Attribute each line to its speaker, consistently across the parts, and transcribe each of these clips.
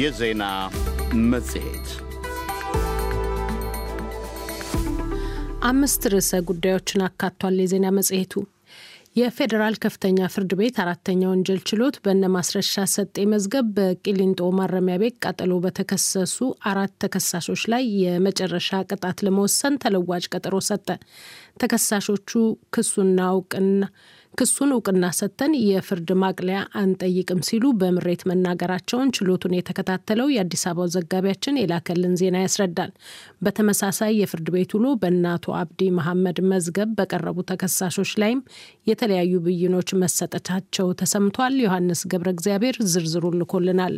Speaker 1: የዜና መጽሔት
Speaker 2: አምስት ርዕሰ ጉዳዮችን አካቷል። የዜና መጽሔቱ የፌዴራል ከፍተኛ ፍርድ ቤት አራተኛ ወንጀል ችሎት በእነ ማስረሻ ሰጤ መዝገብ በቂሊንጦ ማረሚያ ቤት ቃጠሎ በተከሰሱ አራት ተከሳሾች ላይ የመጨረሻ ቅጣት ለመወሰን ተለዋጭ ቀጠሮ ሰጠ። ተከሳሾቹ ክሱና እውቅና ክሱን እውቅና ሰጥተን የፍርድ ማቅለያ አንጠይቅም ሲሉ በምሬት መናገራቸውን ችሎቱን የተከታተለው የአዲስ አበባው ዘጋቢያችን የላከልን ዜና ያስረዳል። በተመሳሳይ የፍርድ ቤት ውሎ በእናቱ አብዲ መሐመድ መዝገብ በቀረቡ ተከሳሾች ላይም የተለያዩ ብይኖች መሰጠታቸው ተሰምቷል። ዮሐንስ ገብረ እግዚአብሔር ዝርዝሩ ልኮልናል።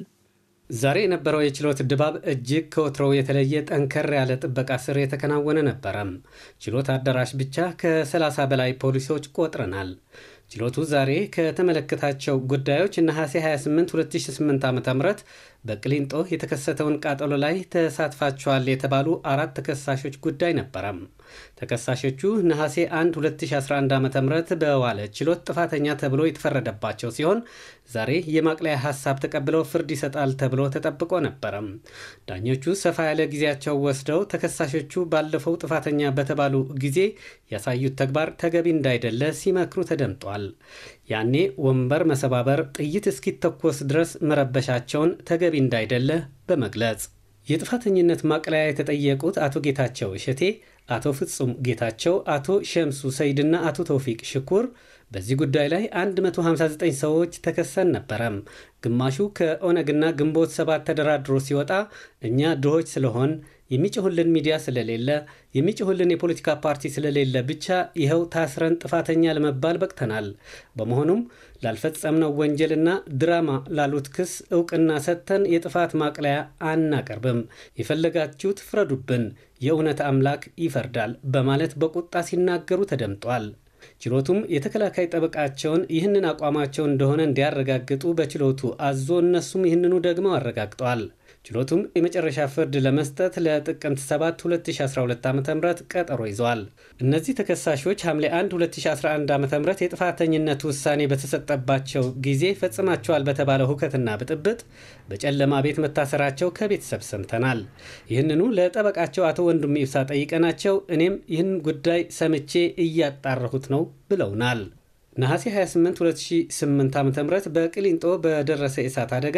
Speaker 3: ዛሬ የነበረው የችሎት ድባብ እጅግ ከወትሮው የተለየ ጠንከር ያለ ጥበቃ ስር የተከናወነ ነበረም። ችሎት አዳራሽ ብቻ ከ30 በላይ ፖሊሶች ቆጥረናል። ችሎቱ ዛሬ ከተመለከታቸው ጉዳዮች ነሐሴ 28 2008 ዓ.ም በቅሊንጦ የተከሰተውን ቃጠሎ ላይ ተሳትፋቸዋል የተባሉ አራት ተከሳሾች ጉዳይ ነበረም። ተከሳሾቹ ነሐሴ 1 2011 ዓ ም በዋለ ችሎት ጥፋተኛ ተብሎ የተፈረደባቸው ሲሆን ዛሬ የማቅለያ ሀሳብ ተቀብለው ፍርድ ይሰጣል ተብሎ ተጠብቆ ነበረም። ዳኞቹ ሰፋ ያለ ጊዜያቸው ወስደው ተከሳሾቹ ባለፈው ጥፋተኛ በተባሉ ጊዜ ያሳዩት ተግባር ተገቢ እንዳይደለ ሲመክሩ ተደምጧል። ያኔ ወንበር መሰባበር፣ ጥይት እስኪተኮስ ድረስ መረበሻቸውን ተገቢ እንዳይደለ በመግለጽ የጥፋተኝነት ማቅለያ የተጠየቁት አቶ ጌታቸው እሸቴ፣ አቶ ፍጹም ጌታቸው፣ አቶ ሸምሱ ሰይድና አቶ ተውፊቅ ሽኩር በዚህ ጉዳይ ላይ 159 ሰዎች ተከሰን ነበረም። ግማሹ ከኦነግና ግንቦት ሰባት ተደራድሮ ሲወጣ እኛ ድሆች ስለሆን የሚጭሁልን ሚዲያ ስለሌለ የሚጭሁልን የፖለቲካ ፓርቲ ስለሌለ ብቻ ይኸው ታስረን ጥፋተኛ ለመባል በቅተናል። በመሆኑም ላልፈጸምነው ወንጀልና ድራማ ላሉት ክስ እውቅና ሰጥተን የጥፋት ማቅለያ አናቀርብም። የፈለጋችሁት ፍረዱብን፣ የእውነት አምላክ ይፈርዳል በማለት በቁጣ ሲናገሩ ተደምጧል። ችሎቱም የተከላካይ ጠበቃቸውን ይህንን አቋማቸውን እንደሆነ እንዲያረጋግጡ በችሎቱ አዞ እነሱም ይህንኑ ደግመው አረጋግጠዋል። ችሎቱም የመጨረሻ ፍርድ ለመስጠት ለጥቅምት 7 2012 ዓ ም ቀጠሮ ይዘዋል። እነዚህ ተከሳሾች ሐምሌ 1 2011 ዓ ም የጥፋተኝነት ውሳኔ በተሰጠባቸው ጊዜ ፈጽማቸዋል በተባለው ሁከትና ብጥብጥ በጨለማ ቤት መታሰራቸው ከቤተሰብ ሰምተናል። ይህንኑ ለጠበቃቸው አቶ ወንዱም ይብሳ ጠይቀናቸው እኔም ይህን ጉዳይ ሰምቼ እያጣረሁት ነው ብለውናል። ነሐሴ 28 2008 ዓ ም በቅሊንጦ በደረሰ የእሳት አደጋ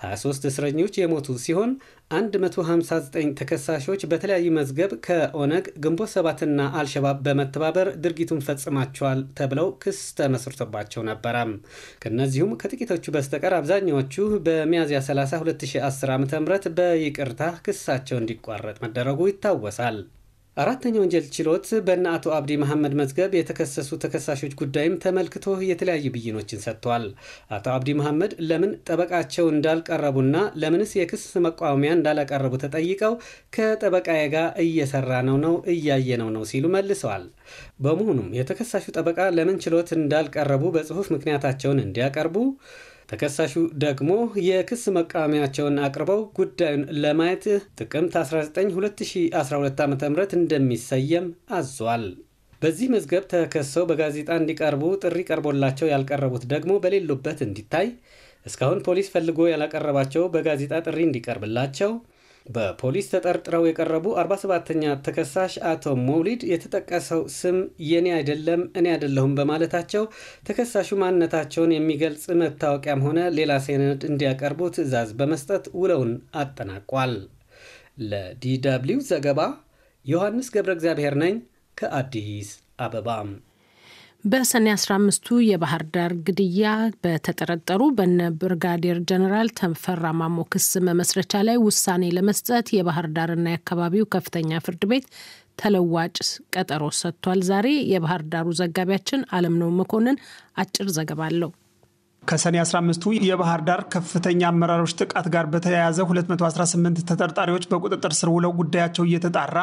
Speaker 3: 23 እስረኞች የሞቱ ሲሆን 159 ተከሳሾች በተለያዩ መዝገብ ከኦነግ ግንቦት ሰባትና አልሸባብ በመተባበር ድርጊቱን ፈጽማቸዋል ተብለው ክስ ተመስርቶባቸው ነበረ። ከእነዚሁም ከጥቂቶቹ በስተቀር አብዛኛዎቹ በሚያዝያ 30 2010 ዓ ም በይቅርታ ክሳቸው እንዲቋረጥ መደረጉ ይታወሳል። አራተኛ ወንጀል ችሎት በእነ አቶ አብዲ መሐመድ መዝገብ የተከሰሱ ተከሳሾች ጉዳይም ተመልክቶ የተለያዩ ብይኖችን ሰጥቷል። አቶ አብዲ መሐመድ ለምን ጠበቃቸው እንዳልቀረቡና ለምንስ የክስ መቃወሚያ እንዳላቀረቡ ተጠይቀው ከጠበቃዬ ጋር እየሰራ ነው ነው እያየ ነው ነው ሲሉ መልሰዋል። በመሆኑም የተከሳሹ ጠበቃ ለምን ችሎት እንዳልቀረቡ በጽሁፍ ምክንያታቸውን እንዲያቀርቡ ተከሳሹ ደግሞ የክስ መቃወሚያቸውን አቅርበው ጉዳዩን ለማየት ጥቅምት 19 2012 ዓ ም እንደሚሰየም አዟል። በዚህ መዝገብ ተከሰው በጋዜጣ እንዲቀርቡ ጥሪ ቀርቦላቸው ያልቀረቡት ደግሞ በሌሉበት እንዲታይ፣ እስካሁን ፖሊስ ፈልጎ ያላቀረባቸው በጋዜጣ ጥሪ እንዲቀርብላቸው በፖሊስ ተጠርጥረው የቀረቡ 47 ኛ ተከሳሽ አቶ መውሊድ የተጠቀሰው ስም የኔ አይደለም እኔ አይደለሁም በማለታቸው ተከሳሹ ማንነታቸውን የሚገልጽ መታወቂያም ሆነ ሌላ ሰነድ እንዲያቀርቡ ትዕዛዝ በመስጠት ውለውን አጠናቋል። ለዲ ደብልዩ ዘገባ ዮሐንስ ገብረ እግዚአብሔር ነኝ ከአዲስ አበባ
Speaker 2: በሰኔ 15ቱ የባህር ዳር ግድያ በተጠረጠሩ በነ ብርጋዴር ጀነራል ተፈራ ማሞ ክስ መመስረቻ ላይ ውሳኔ ለመስጠት የባህር ዳርና የአካባቢው ከፍተኛ ፍርድ ቤት ተለዋጭ ቀጠሮ ሰጥቷል። ዛሬ የባህር ዳሩ ዘጋቢያችን አለምነው መኮንን አጭር ዘገባ አለው።
Speaker 4: ከሰኔ 15ቱ የባህር ዳር ከፍተኛ አመራሮች ጥቃት ጋር በተያያዘ 218 ተጠርጣሪዎች በቁጥጥር ስር ውለው ጉዳያቸው እየተጣራ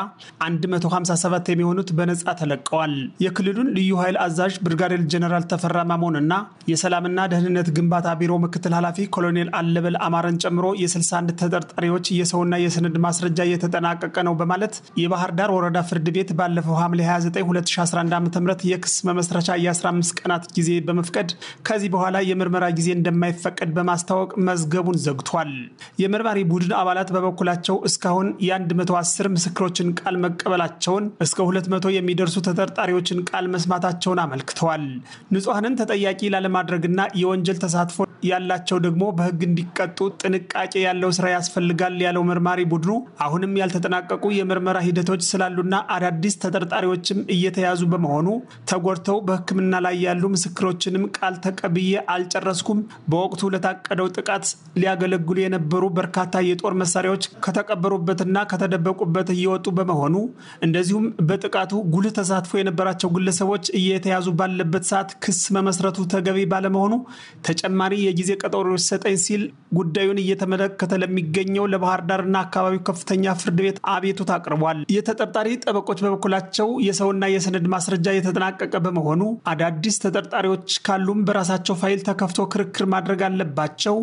Speaker 4: 157 የሚሆኑት በነጻ ተለቀዋል። የክልሉን ልዩ ኃይል አዛዥ ብርጋዴር ጀነራል ተፈራ ማሞንና የሰላምና ደህንነት ግንባታ ቢሮ ምክትል ኃላፊ ኮሎኔል አለበል አማረን ጨምሮ የ61 ተጠርጣሪዎች የሰውና የሰነድ ማስረጃ እየተጠናቀቀ ነው በማለት የባህር ዳር ወረዳ ፍርድ ቤት ባለፈው ሐምሌ 29 2011 ዓ ም የክስ መመስረቻ የ15 ቀናት ጊዜ በመፍቀድ ከዚህ በኋላ የምር የምርመራ ጊዜ እንደማይፈቀድ በማስታወቅ መዝገቡን ዘግቷል። የመርማሪ ቡድን አባላት በበኩላቸው እስካሁን የ110 ምስክሮችን ቃል መቀበላቸውን እስከ 200 የሚደርሱ ተጠርጣሪዎችን ቃል መስማታቸውን አመልክተዋል። ንጹሐንን ተጠያቂ ላለማድረግና የወንጀል ተሳትፎ ያላቸው ደግሞ በሕግ እንዲቀጡ ጥንቃቄ ያለው ስራ ያስፈልጋል ያለው መርማሪ ቡድኑ አሁንም ያልተጠናቀቁ የምርመራ ሂደቶች ስላሉና አዳዲስ ተጠርጣሪዎችም እየተያዙ በመሆኑ ተጎድተው በሕክምና ላይ ያሉ ምስክሮችንም ቃል ተቀብዬ አልጨ አልጨረስኩም። በወቅቱ ለታቀደው ጥቃት ሊያገለግሉ የነበሩ በርካታ የጦር መሳሪያዎች ከተቀበሩበትና ከተደበቁበት እየወጡ በመሆኑ እንደዚሁም በጥቃቱ ጉልህ ተሳትፎ የነበራቸው ግለሰቦች እየተያዙ ባለበት ሰዓት ክስ መመስረቱ ተገቢ ባለመሆኑ ተጨማሪ የጊዜ ቀጠሮ ሰጠኝ ሲል ጉዳዩን እየተመለከተ ለሚገኘው ለባህር ዳርና አካባቢው ከፍተኛ ፍርድ ቤት አቤቱታ አቅርቧል። የተጠርጣሪ ጠበቆች በበኩላቸው የሰውና የሰነድ ማስረጃ የተጠናቀቀ በመሆኑ አዳዲስ ተጠርጣሪዎች ካሉም በራሳቸው ፋይል ተከፍ ከፍቶ ክርክር ማድረግ አለባቸው።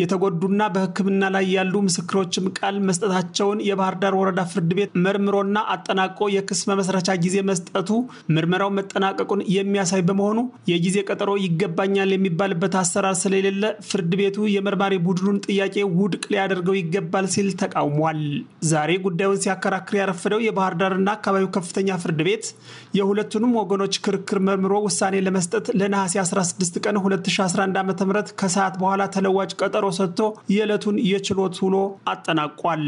Speaker 4: የተጎዱና በሕክምና ላይ ያሉ ምስክሮችም ቃል መስጠታቸውን የባህር ዳር ወረዳ ፍርድ ቤት መርምሮና አጠናቆ የክስ መመስረቻ ጊዜ መስጠቱ ምርመራው መጠናቀቁን የሚያሳይ በመሆኑ የጊዜ ቀጠሮ ይገባኛል የሚባልበት አሰራር ስለሌለ ፍርድ ቤቱ የመርማሪ ቡድኑን ጥያቄ ውድቅ ሊያደርገው ይገባል ሲል ተቃውሟል። ዛሬ ጉዳዩን ሲያከራክር ያረፈደው የባህር ዳርና አካባቢው ከፍተኛ ፍርድ ቤት የሁለቱንም ወገኖች ክርክር መርምሮ ውሳኔ ለመስጠት ለነሐሴ 16 ቀን 2011 2011 ዓ ም ከሰዓት በኋላ ተለዋጭ ቀጠሮ ሰጥቶ የዕለቱን የችሎት ውሎ አጠናቋል።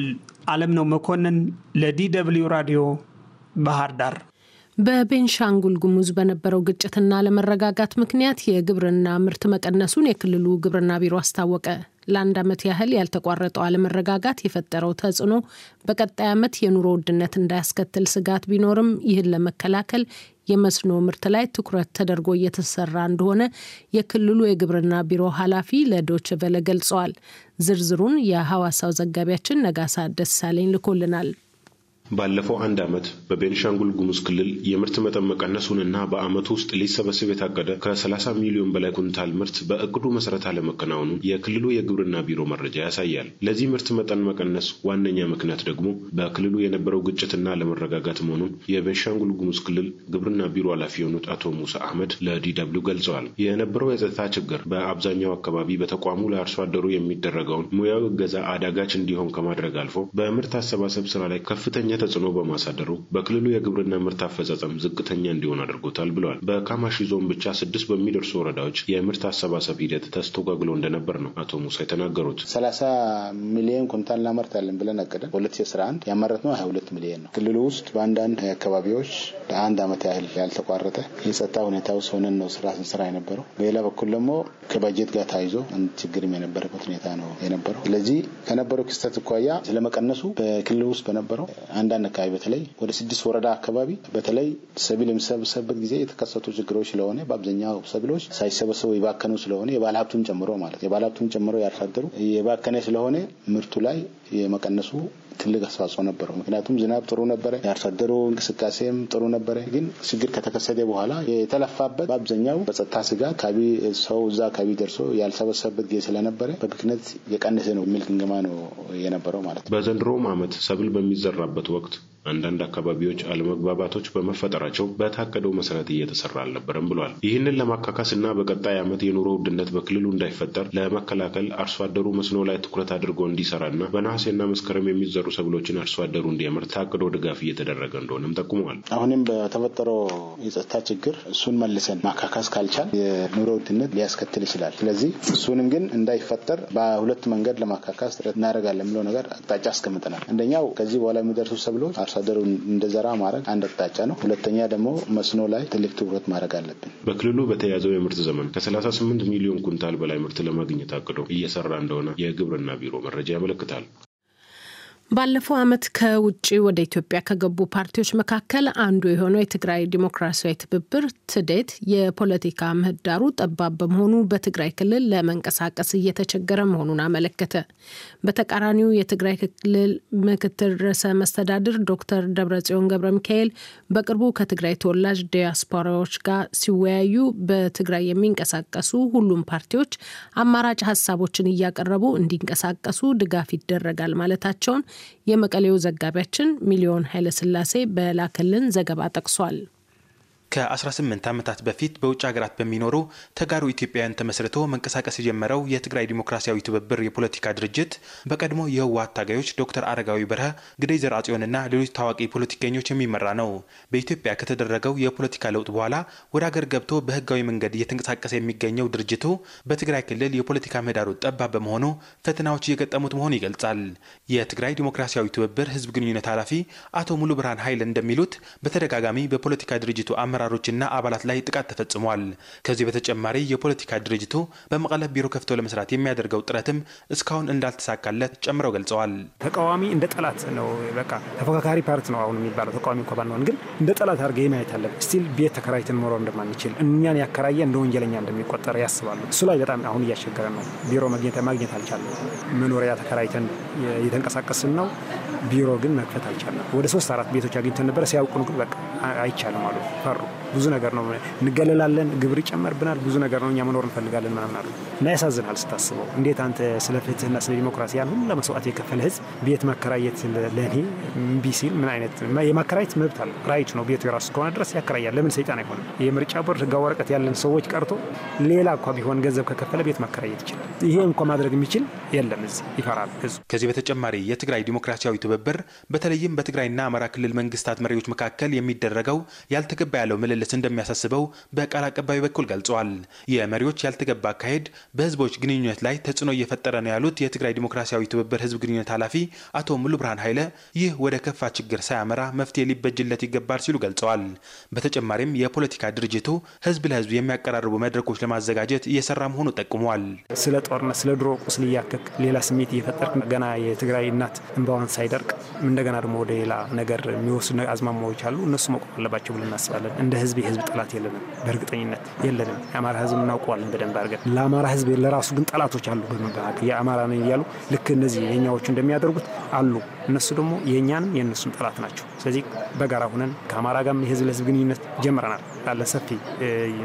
Speaker 4: አለም ነው መኮንን ለዲ ደብልዩ ራዲዮ ባህር ዳር።
Speaker 2: በቤንሻንጉል ጉሙዝ በነበረው ግጭትና ለመረጋጋት ምክንያት የግብርና ምርት መቀነሱን የክልሉ ግብርና ቢሮ አስታወቀ። ለአንድ ዓመት ያህል ያልተቋረጠው አለመረጋጋት የፈጠረው ተጽዕኖ በቀጣይ ዓመት የኑሮ ውድነት እንዳያስከትል ስጋት ቢኖርም ይህን ለመከላከል የመስኖ ምርት ላይ ትኩረት ተደርጎ እየተሰራ እንደሆነ የክልሉ የግብርና ቢሮ ኃላፊ ለዶች ቨለ ገልጸዋል። ዝርዝሩን የሐዋሳው ዘጋቢያችን ነጋሳ ደሳለኝ ልኮልናል።
Speaker 5: ባለፈው አንድ ዓመት በቤንሻንጉል ጉሙዝ ክልል የምርት መጠን መቀነሱንና በዓመቱ ውስጥ ሊሰበስብ የታቀደ ከ30 ሚሊዮን በላይ ኩንታል ምርት በእቅዱ መሠረት አለመከናወኑን የክልሉ የግብርና ቢሮ መረጃ ያሳያል። ለዚህ ምርት መጠን መቀነስ ዋነኛ ምክንያት ደግሞ በክልሉ የነበረው ግጭትና አለመረጋጋት መሆኑን የቤንሻንጉል ጉሙዝ ክልል ግብርና ቢሮ ኃላፊ የሆኑት አቶ ሙሳ አህመድ ለዲደብሊው ገልጸዋል። የነበረው የጸጥታ ችግር በአብዛኛው አካባቢ በተቋሙ ለአርሶ አደሩ የሚደረገውን ሙያዊ እገዛ አዳጋች እንዲሆን ከማድረግ አልፎ በምርት አሰባሰብ ስራ ላይ ከፍተኛ ላይ ተጽዕኖ በማሳደሩ በክልሉ የግብርና ምርት አፈጻጸም ዝቅተኛ እንዲሆን አድርጎታል ብለዋል። በካማሺ ዞን ብቻ ስድስት በሚደርሱ ወረዳዎች የምርት አሰባሰብ ሂደት ተስተጓግሎ እንደነበር ነው አቶ ሙሳ የተናገሩት።
Speaker 1: ሰላሳ ሚሊዮን ኩንታል እናመርታለን ብለን አቅደን ሁለት ሺ አስራ አንድ ያመረት ነው ሀያ ሁለት ሚሊዮን ነው። ክልሉ ውስጥ በአንዳንድ አካባቢዎች ለአንድ ዓመት ያህል ያልተቋረጠ የጸጥታ ሁኔታ ውስጥ ሆነን ነው ስራ ስንሰራ የነበረው። በሌላ በኩል ደግሞ ከበጀት ጋር ታይዞ አንድ ችግርም የነበረበት ሁኔታ ነው የነበረው። ስለዚህ ከነበረው ክስተት እኳያ ስለመቀነሱ በክልሉ ውስጥ በነበረው አንዳንድ አካባቢ በተለይ ወደ ስድስት ወረዳ አካባቢ በተለይ ሰብል የሚሰበሰብበት ጊዜ የተከሰቱ ችግሮች ስለሆነ በአብዛኛው ሰብሎች ሳይሰበሰቡ የባከኑ ስለሆነ ሀብቱን ጨምሮ ማለት ሀብቱን ጨምሮ ያልሳደሩ የባከነ ስለሆነ ምርቱ ላይ የመቀነሱ ትልቅ አስተዋጽኦ ነበረው። ምክንያቱም ዝናብ ጥሩ ነበረ፣ የአርሶ አደሩ እንቅስቃሴም ጥሩ ነበረ። ግን ችግር ከተከሰተ በኋላ የተለፋበት በአብዛኛው በጸጥታ ስጋ ካቢ ሰው እዛ ካቢ ደርሶ ያልሰበሰበበት ጊዜ ስለነበረ በብክነት የቀነሰ ነው የሚል ግምገማ ነው የነበረው ማለት
Speaker 5: ነው። በዘንድሮም ዓመት ሰብል በሚዘራበት ወቅት አንዳንድ አካባቢዎች አለመግባባቶች በመፈጠራቸው በታቀደው መሰረት እየተሰራ አልነበረም ብሏል። ይህንን ለማካካስ እና በቀጣይ ዓመት የኑሮ ውድነት በክልሉ እንዳይፈጠር ለመከላከል አርሶ አደሩ መስኖ ላይ ትኩረት አድርጎ እንዲሰራና በነሐሴና መስከረም የሚዘሩ ሰብሎችን አርሶ አደሩ እንዲያመርት ታቅዶ ድጋፍ እየተደረገ እንደሆነም ጠቁመዋል።
Speaker 1: አሁንም በተፈጠረው የጸጥታ ችግር እሱን መልሰን ማካካስ ካልቻል የኑሮ ውድነት ሊያስከትል ይችላል። ስለዚህ እሱንም ግን እንዳይፈጠር በሁለት መንገድ ለማካካስ ጥረት እናደርጋለን ብለው ነገር አቅጣጫ አስቀምጠናል። አንደኛው ከዚህ በኋላ የሚደርሱ ሰብሎች አርሶ አደሩ እንደዘራ ማድረግ አንድ አቅጣጫ ነው። ሁለተኛ ደግሞ መስኖ ላይ ትልቅ ትኩረት ማድረግ አለብን።
Speaker 5: በክልሉ በተያዘው የምርት ዘመን ከ38 ሚሊዮን ኩንታል በላይ ምርት ለማግኘት አቅዶ እየሰራ እንደሆነ የግብርና ቢሮ መረጃ ያመለክታል።
Speaker 2: ባለፈው ዓመት ከውጭ ወደ ኢትዮጵያ ከገቡ ፓርቲዎች መካከል አንዱ የሆነው የትግራይ ዲሞክራሲያዊ ትብብር ትዴት የፖለቲካ ምህዳሩ ጠባብ በመሆኑ በትግራይ ክልል ለመንቀሳቀስ እየተቸገረ መሆኑን አመለከተ። በተቃራኒው የትግራይ ክልል ምክትል ርዕሰ መስተዳድር ዶክተር ደብረጽዮን ገብረ ሚካኤል በቅርቡ ከትግራይ ተወላጅ ዲያስፖራዎች ጋር ሲወያዩ በትግራይ የሚንቀሳቀሱ ሁሉም ፓርቲዎች አማራጭ ሀሳቦችን እያቀረቡ እንዲንቀሳቀሱ ድጋፍ ይደረጋል ማለታቸውን የመቀሌው ዘጋቢያችን ሚሊዮን ኃይለስላሴ በላከልን ዘገባ ጠቅሷል።
Speaker 6: ከ18 ዓመታት በፊት በውጭ ሀገራት በሚኖሩ ተጋሩ ኢትዮጵያውያን ተመስርቶ መንቀሳቀስ የጀመረው የትግራይ ዲሞክራሲያዊ ትብብር የፖለቲካ ድርጅት በቀድሞ የህወሀት ታጋዮች ዶክተር አረጋዊ በርሀ፣ ግደይ ዘርአጽዮንና ሌሎች ታዋቂ ፖለቲከኞች የሚመራ ነው። በኢትዮጵያ ከተደረገው የፖለቲካ ለውጥ በኋላ ወደ ሀገር ገብቶ በህጋዊ መንገድ እየተንቀሳቀሰ የሚገኘው ድርጅቱ በትግራይ ክልል የፖለቲካ ምህዳሩ ጠባብ በመሆኑ ፈተናዎች እየገጠሙት መሆኑ ይገልጻል። የትግራይ ዲሞክራሲያዊ ትብብር ህዝብ ግንኙነት ኃላፊ አቶ ሙሉ ብርሃን ኃይል እንደሚሉት በተደጋጋሚ በፖለቲካ ድርጅቱ አመ አመራሮችና አባላት ላይ ጥቃት ተፈጽሟል። ከዚህ በተጨማሪ የፖለቲካ ድርጅቱ በመቀለ ቢሮ ከፍቶ ለመስራት የሚያደርገው ጥረትም እስካሁን እንዳልተሳካለት ጨምረው ገልጸዋል።
Speaker 7: ተቃዋሚ እንደ ጠላት ነው። በቃ ተፎካካሪ ፓርቲ ነው አሁን የሚባለው ተቃዋሚ እኮ ባንሆን ግን እንደ ጠላት አድርገ የማየት አለ ስቲል ቤት ተከራይተን መኖር እንደማንችል እኛን ያከራየ እንደ ወንጀለኛ እንደሚቆጠር ያስባሉ። እሱ ላይ በጣም አሁን እያስቸገረ ነው። ቢሮ ማግኘት ማግኘት አልቻለም። መኖሪያ ተከራይተን የተንቀሳቀስን ነው። ቢሮ ግን መክፈት አልቻለም። ወደ ሶስት አራት ቤቶች አግኝተን ነበረ። ሲያውቁን ግን በቃ አይቻልም አሉ፣ ፈሩ። ብዙ ነገር ነው። እንገለላለን፣ ግብር ይጨመርብናል፣ ብዙ ነገር ነው። እኛ መኖር እንፈልጋለን ምናምን አሉ እና ያሳዝናል ስታስበው። እንዴት አንተ ስለ ፍትህና ስለ ዲሞክራሲ ያን ሁሉ ለመስዋዕት የከፈለ ህዝብ ቤት መከራየት ለእኔ እምቢ ሲል ምን አይነት የማከራየት መብት አለ ራይት ነው። ቤቱ የራሱ እስከሆነ ድረስ ያከራያል። ለምን ሰይጣን አይሆንም? የምርጫ ቦርድ ህጋ ወረቀት ያለን ሰዎች ቀርቶ ሌላ እኳ ቢሆን ገንዘብ ከከፈለ ቤት ማከራየት ይችላል። ይሄ እንኳ ማድረግ
Speaker 6: የሚችል የለም። እዚህ ይፈራል ህዝብ። ከዚህ በተጨማሪ የትግራይ ዲሞክራሲያዊ ትብብር በተለይም በትግራይና አማራ ክልል መንግስታት መሪዎች መካከል የሚደረገው ያልተገባ ያለው ምልል ምልልስ እንደሚያሳስበው በቃል አቀባዩ በኩል ገልጸዋል። የመሪዎች ያልተገባ አካሄድ በህዝቦች ግንኙነት ላይ ተጽዕኖ እየፈጠረ ነው ያሉት የትግራይ ዲሞክራሲያዊ ትብብር ህዝብ ግንኙነት ኃላፊ አቶ ሙሉ ብርሃን ኃይለ ይህ ወደ ከፋ ችግር ሳያመራ መፍትሄ ሊበጅለት ይገባል ሲሉ ገልጸዋል። በተጨማሪም የፖለቲካ ድርጅቱ ህዝብ ለህዝብ የሚያቀራርቡ መድረኮች ለማዘጋጀት እየሰራ መሆኑ ጠቁመዋል። ስለ ጦርነት ስለ ድሮ ቁስል
Speaker 7: እያከክ ሌላ ስሜት እየፈጠር ገና የትግራይ እናት እንባዋን ሳይደርቅ እንደገና ደግሞ ወደ ሌላ ነገር የሚወስዱ አዝማማዎች አሉ። እነሱ መቆም አለባቸው ብለን እናስባለን። ህዝብ የህዝብ ጠላት የለንም፣ በእርግጠኝነት የለንም። የአማራ ህዝብ እናውቀዋለን በደንብ አድርገን። ለአማራ ህዝብ ለራሱ ግን ጠላቶች አሉ። በመባል የአማራ ነን እያሉ ልክ እነዚህ የኛዎቹ እንደሚያደርጉት አሉ። እነሱ ደግሞ የእኛንም የእነሱም ጠላት ናቸው። ስለዚህ በጋራ ሁነን ከአማራ ጋርም የህዝብ ለህዝብ ግንኙነት ጀምረናል። ላለ ሰፊ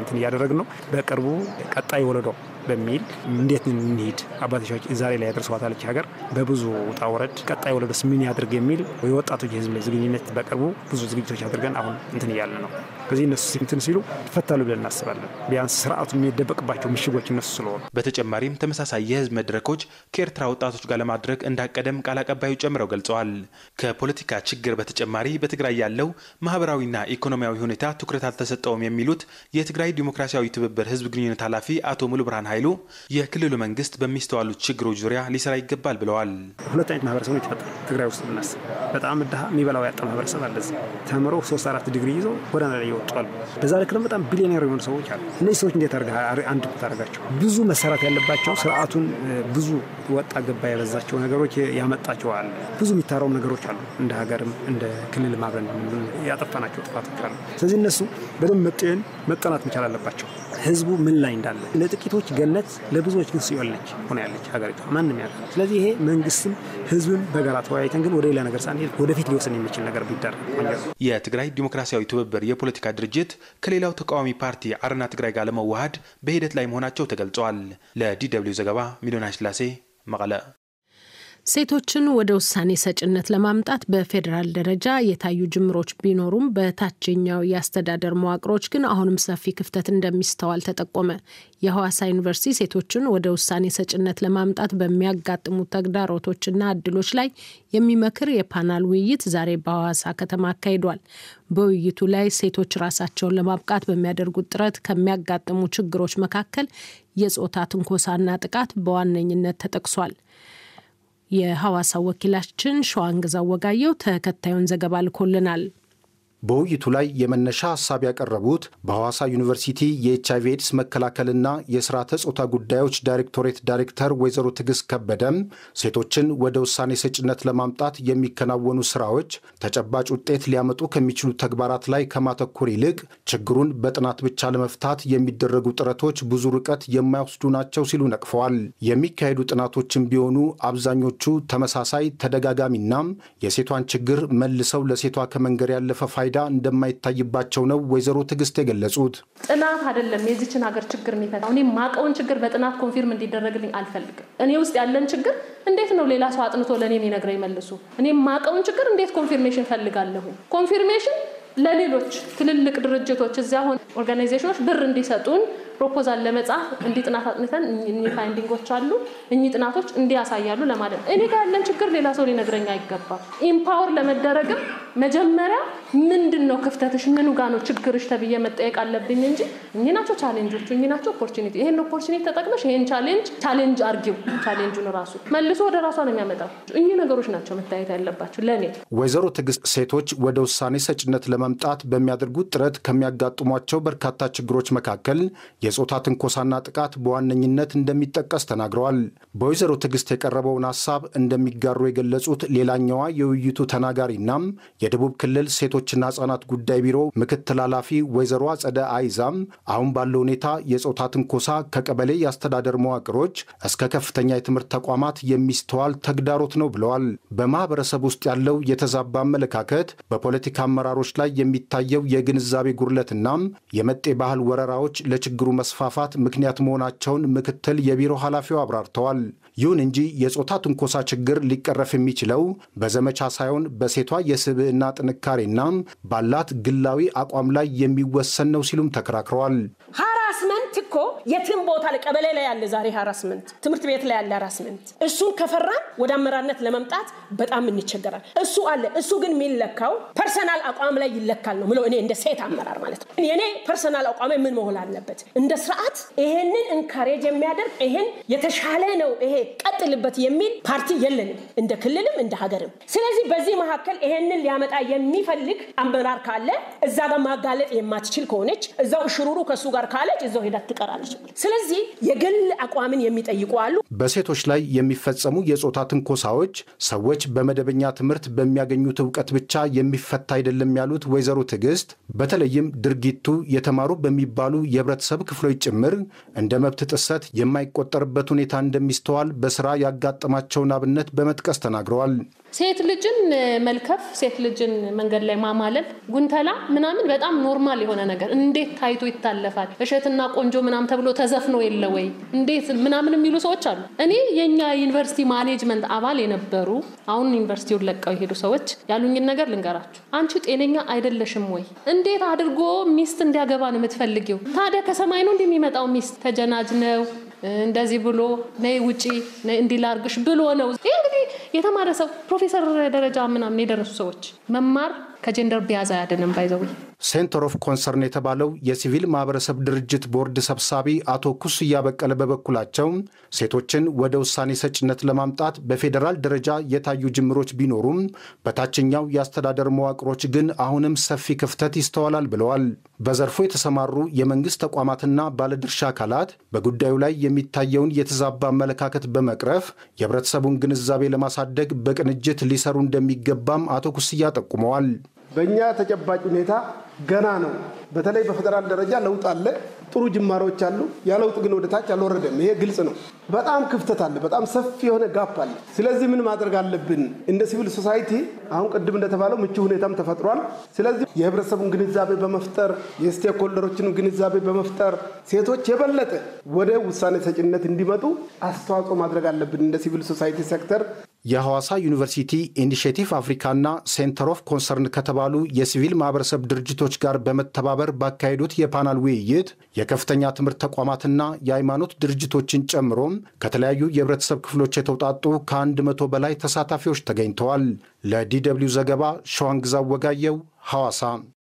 Speaker 7: እንትን እያደረግን ነው። በቅርቡ ቀጣይ ወለዶ በሚል እንዴት እንሂድ አባቶቻች ዛሬ ላይ ያደርሰዋታለች ሀገር በብዙ ውጣ ውረድ ቀጣይ ወለዶስ ምን ያድርግ የሚል የወጣቶች የህዝብ ዝግኝነት በቅርቡ ብዙ ዝግጅቶች አድርገን አሁን እንትን እያለ ነው። ከዚህ እነሱ እንትን ሲሉ ይፈታሉ ብለን
Speaker 6: እናስባለን። ቢያንስ ስርአቱ የሚደበቅባቸው ምሽጎች እነሱ ስለሆኑ። በተጨማሪም ተመሳሳይ የህዝብ መድረኮች ከኤርትራ ወጣቶች ጋር ለማድረግ እንዳቀደም ቃል አቀባዩ ጨምረው ገልጸዋል። ከፖለቲካ ችግር በተጨማሪ በትግራይ ያለው ማህበራዊና ኢኮኖሚያዊ ሁኔታ ትኩረት አልተሰጠውም የሚሉት የትግራይ ዲሞክራሲያዊ ትብብር ህዝብ ግንኙነት ኃላፊ አቶ ሙሉ ብርሃን ኃይሉ የክልሉ መንግስት በሚስተዋሉት ችግሮች ዙሪያ ሊሰራ ይገባል ብለዋል።
Speaker 7: ሁለት አይነት ማህበረሰቦች ፈጠ ትግራይ ውስጥ ብናስ በጣም ድሀ የሚበላው ያጣ ማህበረሰብ አለ። ተምሮ ተምረው ሶስት አራት ዲግሪ ይዘው ጎዳና ላይ በዛ ልክ ደግሞ በጣም ቢሊዮነር የሆኑ ሰዎች አሉ። እነዚህ ሰዎች እንዴት አድርገህ አንድ ታደርጋቸው? ብዙ መሰራት ያለባቸው ስርዓቱን ብዙ ወጣ ገባ የበዛቸው ነገሮች ያመጣቸዋል። ብዙ የሚታረሙ ነገሮች አሉ። እንደ ሀገርም እንደ ክልል ማብረን ያጠፋናቸው ጥፋቶች አሉ። ስለዚህ እነሱ በደንብ መጤን መጠናት መቻል አለባቸው። ህዝቡ ምን ላይ እንዳለ። ለጥቂቶች ገነት፣ ለብዙዎች ግን ሲኦል ነች ሆነ ያለች ሀገሪቷ ማንም ያ ስለዚህ ይሄ መንግስትም ህዝብም በጋራ ተወያይተን ግን ወደ ሌላ ነገር ሳንሄድ ወደፊት ሊወስን የሚችል
Speaker 6: ነገር ቢደረግ። የትግራይ ዲሞክራሲያዊ ትብብር የፖለቲካ ድርጅት ከሌላው ተቃዋሚ ፓርቲ አረና ትግራይ ጋር ለመዋሃድ በሂደት ላይ መሆናቸው ተገልጸዋል። ለዲ ደብልዩ ዘገባ ሚሊዮን ኃይለሥላሴ መቀለ
Speaker 2: ሴቶችን ወደ ውሳኔ ሰጭነት ለማምጣት በፌዴራል ደረጃ የታዩ ጅምሮች ቢኖሩም በታችኛው የአስተዳደር መዋቅሮች ግን አሁንም ሰፊ ክፍተት እንደሚስተዋል ተጠቆመ። የሐዋሳ ዩኒቨርሲቲ ሴቶችን ወደ ውሳኔ ሰጭነት ለማምጣት በሚያጋጥሙ ተግዳሮቶችና እድሎች ላይ የሚመክር የፓናል ውይይት ዛሬ በሐዋሳ ከተማ አካሂዷል። በውይይቱ ላይ ሴቶች ራሳቸውን ለማብቃት በሚያደርጉት ጥረት ከሚያጋጥሙ ችግሮች መካከል የጾታ ትንኮሳና ጥቃት በዋነኝነት ተጠቅሷል። የሐዋሳው ወኪላችን ሸዋንግዛ ወጋየው ተከታዩን ዘገባ ልኮልናል።
Speaker 8: በውይይቱ ላይ የመነሻ ሀሳብ ያቀረቡት በሐዋሳ ዩኒቨርሲቲ የኤችአይቪ ኤድስ መከላከልና የስርዓተ ጾታ ጉዳዮች ዳይሬክቶሬት ዳይሬክተር ወይዘሮ ትዕግስት ከበደም ሴቶችን ወደ ውሳኔ ሰጭነት ለማምጣት የሚከናወኑ ስራዎች ተጨባጭ ውጤት ሊያመጡ ከሚችሉ ተግባራት ላይ ከማተኮር ይልቅ ችግሩን በጥናት ብቻ ለመፍታት የሚደረጉ ጥረቶች ብዙ ርቀት የማይወስዱ ናቸው ሲሉ ነቅፈዋል። የሚካሄዱ ጥናቶችም ቢሆኑ አብዛኞቹ ተመሳሳይ ተደጋጋሚና የሴቷን ችግር መልሰው ለሴቷ ከመንገር ያለፈ ፋይዳ ፋይዳ እንደማይታይባቸው ነው ወይዘሮ ትዕግስት የገለጹት።
Speaker 2: ጥናት
Speaker 9: አይደለም የዚችን ሀገር ችግር የሚፈታ እኔ ማቀውን ችግር በጥናት ኮንፊርም እንዲደረግልኝ አልፈልግም። እኔ ውስጥ ያለን ችግር እንዴት ነው ሌላ ሰው አጥንቶ ለእኔ የሚነግረኝ መልሱ? እኔ ማቀውን ችግር እንዴት ኮንፊርሜሽን ፈልጋለሁ? ኮንፊርሜሽን ለሌሎች ትልልቅ ድርጅቶች እዚያ ኦርጋናይዜሽኖች ብር እንዲሰጡን ፕሮፖዛል ለመጻፍ እንዲህ ጥናት አጥንተን እኚህ ፋይንዲንጎች አሉ፣ እኚህ ጥናቶች እንዲህ ያሳያሉ ለማለት ነው። እኔ ጋር ያለን ችግር ሌላ ሰው ሊነግረኝ አይገባም። ኢምፓወር ለመደረግም መጀመሪያ ምንድን ነው ክፍተትሽ፣ ምኑ ጋ ነው ችግርሽ ተብዬ መጠየቅ አለብኝ እንጂ እኚህ ናቸው ቻሌንጆቹ፣ እኚህ ናቸው ኦፖርቹኒቲ፣ ይሄን ኦፖርቹኒቲ ተጠቅመሽ ይሄን ቻሌንጅ ቻሌንጅ አርጊው። ቻሌንጁን ራሱ መልሶ ወደ ራሷ ነው የሚያመጣው። እኚህ ነገሮች ናቸው መታየት ያለባቸው ለእኔ።
Speaker 8: ወይዘሮ ትዕግስት ሴቶች ወደ ውሳኔ ሰጭነት ለመምጣት በሚያደርጉት ጥረት ከሚያጋጥሟቸው በርካታ ችግሮች መካከል የጾታ ትንኮሳና ጥቃት በዋነኝነት እንደሚጠቀስ ተናግረዋል። በወይዘሮ ትዕግስት የቀረበውን ሀሳብ እንደሚጋሩ የገለጹት ሌላኛዋ የውይይቱ ተናጋሪናም የደቡብ ክልል ሴቶችና ህጻናት ጉዳይ ቢሮ ምክትል ኃላፊ ወይዘሮ አጸደ አይዛም አሁን ባለው ሁኔታ የጾታ ትንኮሳ ከቀበሌ የአስተዳደር መዋቅሮች እስከ ከፍተኛ የትምህርት ተቋማት የሚስተዋል ተግዳሮት ነው ብለዋል። በማህበረሰብ ውስጥ ያለው የተዛባ አመለካከት፣ በፖለቲካ አመራሮች ላይ የሚታየው የግንዛቤ ጉድለትናም የመጤ ባህል ወረራዎች ለችግሩ መስፋፋት ምክንያት መሆናቸውን ምክትል የቢሮ ኃላፊው አብራርተዋል። ይሁን እንጂ የጾታ ትንኮሳ ችግር ሊቀረፍ የሚችለው በዘመቻ ሳይሆን በሴቷ የስብዕና ጥንካሬና ባላት ግላዊ አቋም ላይ የሚወሰን ነው ሲሉም ተከራክረዋል።
Speaker 2: የትም ቦታ ቀበሌ ላይ ያለ ዛሬ ሀራስመንት፣ ትምህርት ቤት ላይ ያለ ሀራስመንት፣ እሱን ከፈራን ወደ አመራርነት ለመምጣት በጣም እንቸገራል። እሱ አለ። እሱ ግን የሚለካው ፐርሰናል አቋም ላይ ይለካል ነው ምለው እኔ እንደ ሴት አመራር ማለት ነው የኔ ፐርሰናል አቋም ምን መሆን አለበት? እንደ ስርዓት ይሄንን እንካሬጅ የሚያደርግ ይሄን የተሻለ ነው ይሄ ቀጥልበት የሚል ፓርቲ የለንም፣ እንደ ክልልም እንደ ሀገርም። ስለዚህ በዚህ መካከል ይሄንን ሊያመጣ የሚፈልግ አመራር ካለ እዛ ጋር ማጋለጥ የማትችል ከሆነች እዛው ሽሩሩ ከእሱ ጋር ካለች እዛው ሄዳት ትቀራለች። ስለዚህ የግል አቋምን የሚጠይቁ አሉ።
Speaker 8: በሴቶች ላይ የሚፈጸሙ የጾታ ትንኮሳዎች ሰዎች በመደበኛ ትምህርት በሚያገኙት እውቀት ብቻ የሚፈታ አይደለም ያሉት ወይዘሮ ትዕግስት በተለይም ድርጊቱ የተማሩ በሚባሉ የህብረተሰብ ክፍሎች ጭምር እንደ መብት ጥሰት የማይቆጠርበት ሁኔታ እንደሚስተዋል በስራ ያጋጠማቸውን አብነት በመጥቀስ ተናግረዋል።
Speaker 9: ሴት ልጅን መልከፍ፣ ሴት ልጅን መንገድ ላይ ማማለል፣ ጉንተላ ምናምን በጣም ኖርማል የሆነ ነገር እንዴት ታይቶ ይታለፋል? እሸትና ቆንጆ ምናምን ተብሎ ተዘፍኖ የለ ወይ እንዴት ምናምን የሚሉ ሰዎች አሉ። እኔ የኛ ዩኒቨርሲቲ ማኔጅመንት አባል የነበሩ አሁን ዩኒቨርሲቲውን ለቀው የሄዱ ሰዎች ያሉኝን ነገር ልንገራችሁ። አንቺ ጤነኛ አይደለሽም ወይ? እንዴት አድርጎ ሚስት እንዲያገባ ነው የምትፈልጊው? ታዲያ ከሰማይ ነው እንደሚመጣው ሚስት ተጀናጅ ነው እንደዚህ ብሎ ነይ ውጪ እንዲላርግሽ ብሎ ነው። ይህ እንግዲህ የተማረ ሰው ፕሮፌሰር ደረጃ ምናምን የደረሱ ሰዎች መማር ከጀንደር ቢያዝ አያድንም ባይዘው
Speaker 8: ሴንተር ኦፍ ኮንሰርን የተባለው የሲቪል ማህበረሰብ ድርጅት ቦርድ ሰብሳቢ አቶ ኩስያ በቀለ በበኩላቸው ሴቶችን ወደ ውሳኔ ሰጭነት ለማምጣት በፌዴራል ደረጃ የታዩ ጅምሮች ቢኖሩም በታችኛው የአስተዳደር መዋቅሮች ግን አሁንም ሰፊ ክፍተት ይስተዋላል ብለዋል። በዘርፉ የተሰማሩ የመንግስት ተቋማትና ባለድርሻ አካላት በጉዳዩ ላይ የሚታየውን የተዛባ አመለካከት በመቅረፍ የህብረተሰቡን ግንዛቤ ለማሳደግ በቅንጅት ሊሰሩ እንደሚገባም አቶ ኩስያ ጠቁመዋል። በእኛ ተጨባጭ ሁኔታ ገና ነው። በተለይ በፌደራል ደረጃ ለውጥ አለ፣ ጥሩ ጅማሮች አሉ። ያ ለውጥ ግን ወደ ታች አልወረደም። ይሄ ግልጽ ነው። በጣም ክፍተት አለ፣ በጣም ሰፊ የሆነ ጋፕ አለ። ስለዚህ ምን ማድረግ አለብን? እንደ ሲቪል ሶሳይቲ አሁን ቅድም እንደተባለው ምቹ ሁኔታም ተፈጥሯል። ስለዚህ የህብረተሰቡን ግንዛቤ በመፍጠር የስቴክ ሆልደሮችን ግንዛቤ በመፍጠር ሴቶች የበለጠ ወደ ውሳኔ ሰጭነት እንዲመጡ አስተዋጽኦ ማድረግ አለብን እንደ ሲቪል ሶሳይቲ ሴክተር የሐዋሳ ዩኒቨርሲቲ ኢኒሽቲቭ አፍሪካና ሴንተር ኦፍ ኮንሰርን ከተባሉ የሲቪል ማህበረሰብ ድርጅቶች ጋር በመተባበር ባካሄዱት የፓናል ውይይት የከፍተኛ ትምህርት ተቋማትና የሃይማኖት ድርጅቶችን ጨምሮም ከተለያዩ የህብረተሰብ ክፍሎች የተውጣጡ ከአንድ መቶ በላይ ተሳታፊዎች ተገኝተዋል። ለዲ ደብልዩ ዘገባ ሸዋንግዛው ወጋየው ሐዋሳ